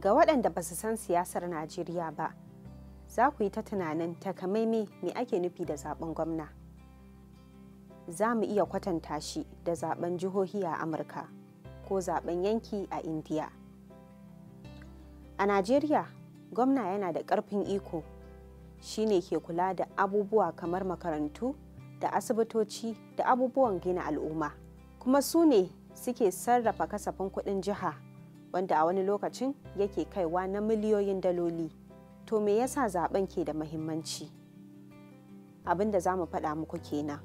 ga waɗanda ba su san siyasar najeriya ba za ku yi ta tunanin takamaime me ake nufi da zaben gwamna za mu iya kwatanta shi da zaben jihohi a amurka ko zaben yanki a indiya a najeriya gwamna yana da ƙarfin iko Shi ne ke kula da abubuwa kamar makarantu da asibitoci da abubuwan gina al'umma kuma su ne suke sarrafa kasafin kuɗin jiha wanda a wani lokacin yake kaiwa na miliyoyin daloli to me yasa zaben ke da mahimmanci Abinda za mu faɗa muku kenan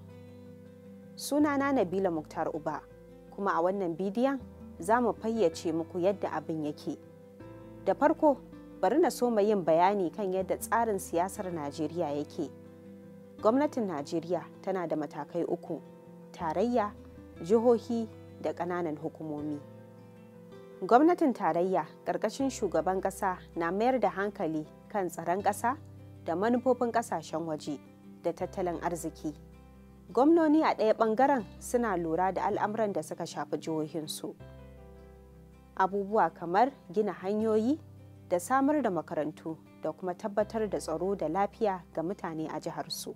sunana nabila muktar uba kuma a wannan bidiyon za mu fayyace muku yadda abin yake da farko bari na soma yin bayani kan yadda tsarin siyasar najeriya yake gwamnatin najeriya tana da matakai uku tarayya jihohi da ƙananan hukumomi. gwamnatin tarayya ƙarƙashin shugaban ƙasa na mayar da hankali kan tsaron ƙasa da manufofin ƙasashen waje da tattalin arziki gwamnoni a ɗaya ɓangaren suna lura da al'amuran da suka shafi jihohinsu abubuwa kamar gina hanyoyi da samar da makarantu da kuma tabbatar da tsaro da lafiya ga mutane a jiharsu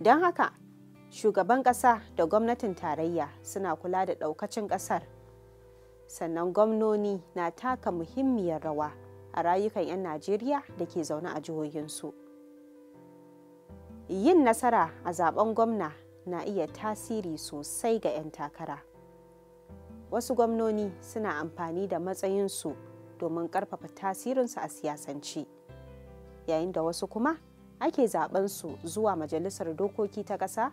don haka shugaban ƙasa da gwamnatin tarayya suna kula da ɗaukacin ƙasar sannan gwamnoni na taka muhimmiyar rawa a rayukan 'yan najeriya da ke zaune a jihohinsu yin nasara a zaben gwamna na iya tasiri sosai ga 'yan takara wasu gwamnoni suna amfani da matsayinsu domin karfafa tasirinsu a siyasance yayin da wasu kuma ake zaben su zuwa majalisar dokoki ta ƙasa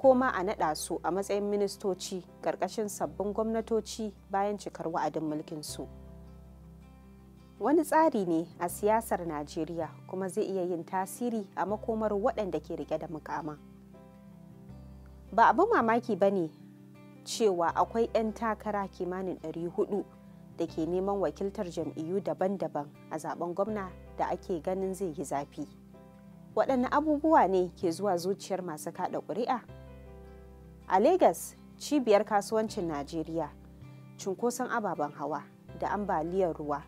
ko ma a naɗa su a matsayin ministoci ƙarƙashin sabbin gwamnatoci bayan cikar wa'adin mulkinsu. Wani tsari ne a siyasar Najeriya kuma zai iya yin tasiri a makomar waɗanda ke rike da mukama. Ba abin mamaki ba ne cewa akwai 'yan takara kimanin 400 da ke neman wakiltar jam'iyyu daban-daban a zaben gwamna da ake ganin zai yi zafi. Waɗanne abubuwa ne ke zuwa zuciyar masu kaɗa ƙuri'a? a Legas cibiyar kasuwancin Najeriya cunkoson ababen hawa da ambaliyar ruwa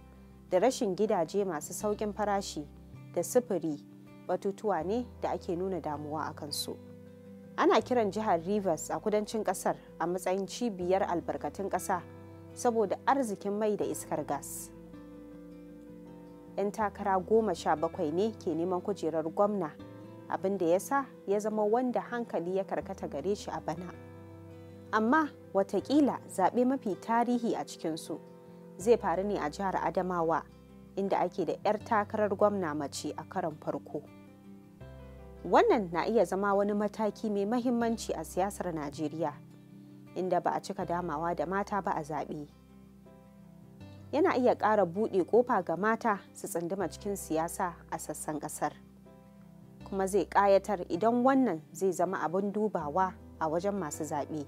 da rashin gidaje masu sauƙin farashi da sufuri batutuwa ne da ake nuna damuwa a kansu. Ana kiran jihar Rivers a kudancin ƙasar a matsayin cibiyar albarkatun ƙasa saboda arzikin mai da iskar gas. 'Yan takara goma sha bakwai ne ke neman kujerar gwamna abin da ya sa ya zama wanda hankali ya karkata gare shi a bana amma watakila zaɓe mafi tarihi a cikinsu zai faru ne a jihar adamawa inda ake da 'yar takarar gwamna mace a karon farko wannan na iya zama wani mataki mai mahimmanci a siyasar najeriya inda ba a cika damawa da mata ba a zaɓe yana iya ƙara buɗe ƙofa ga mata su tsinduma cikin siyasa a sassan ƙasar. kuma zai ƙayatar idan wannan zai zama abin dubawa a wajen masu zaɓe.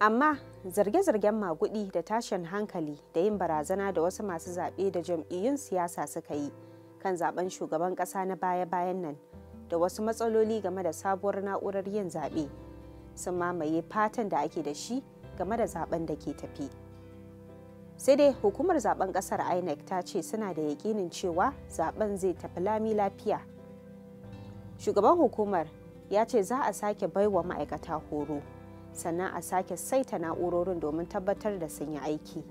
Amma zarge-zargen maguɗi da tashin hankali da yin barazana da wasu masu zaɓe da jam'iyyun siyasa suka yi kan zaben shugaban ƙasa na baya-bayan nan da wasu matsaloli game da sabuwar na'urar yin zaɓe sun mamaye fatan da ake da shi game da zaben da ke tafi. Sai dai hukumar zaben ƙasar INEC ta ce suna da yaƙinin cewa zaben zai tafi lami lafiya shugaban hukumar ya ce za a sake baiwa ma'aikata horo sannan a sake saita na'urorin domin tabbatar da sun yi aiki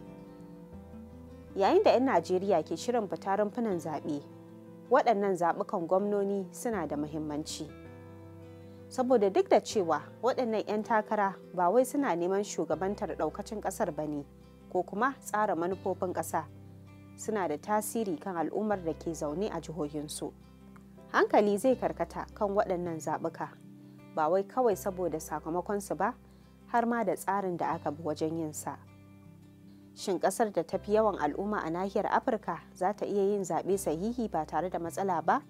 yayin da 'yan najeriya ke shirin fita rumfunan zaɓe waɗannan zaɓukan gwamnoni suna da muhimmanci saboda duk da cewa waɗannan 'yan takara ba wai suna neman shugabantar ɗaukacin ƙasar ba ne ko kuma tsara manufofin ƙasa suna da tasiri kan al'ummar da ke zaune a jihohinsu. hankali zai karkata kan waɗannan zaɓuka ba wai kawai saboda sakamakonsu ba har ma da tsarin da aka bi wajen yin sa shin ƙasar da ta fi yawan al'umma a nahiyar afirka za ta iya yin zaɓe sahihi ba tare da matsala ba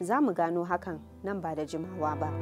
za mu gano hakan nan ba da jimawa ba.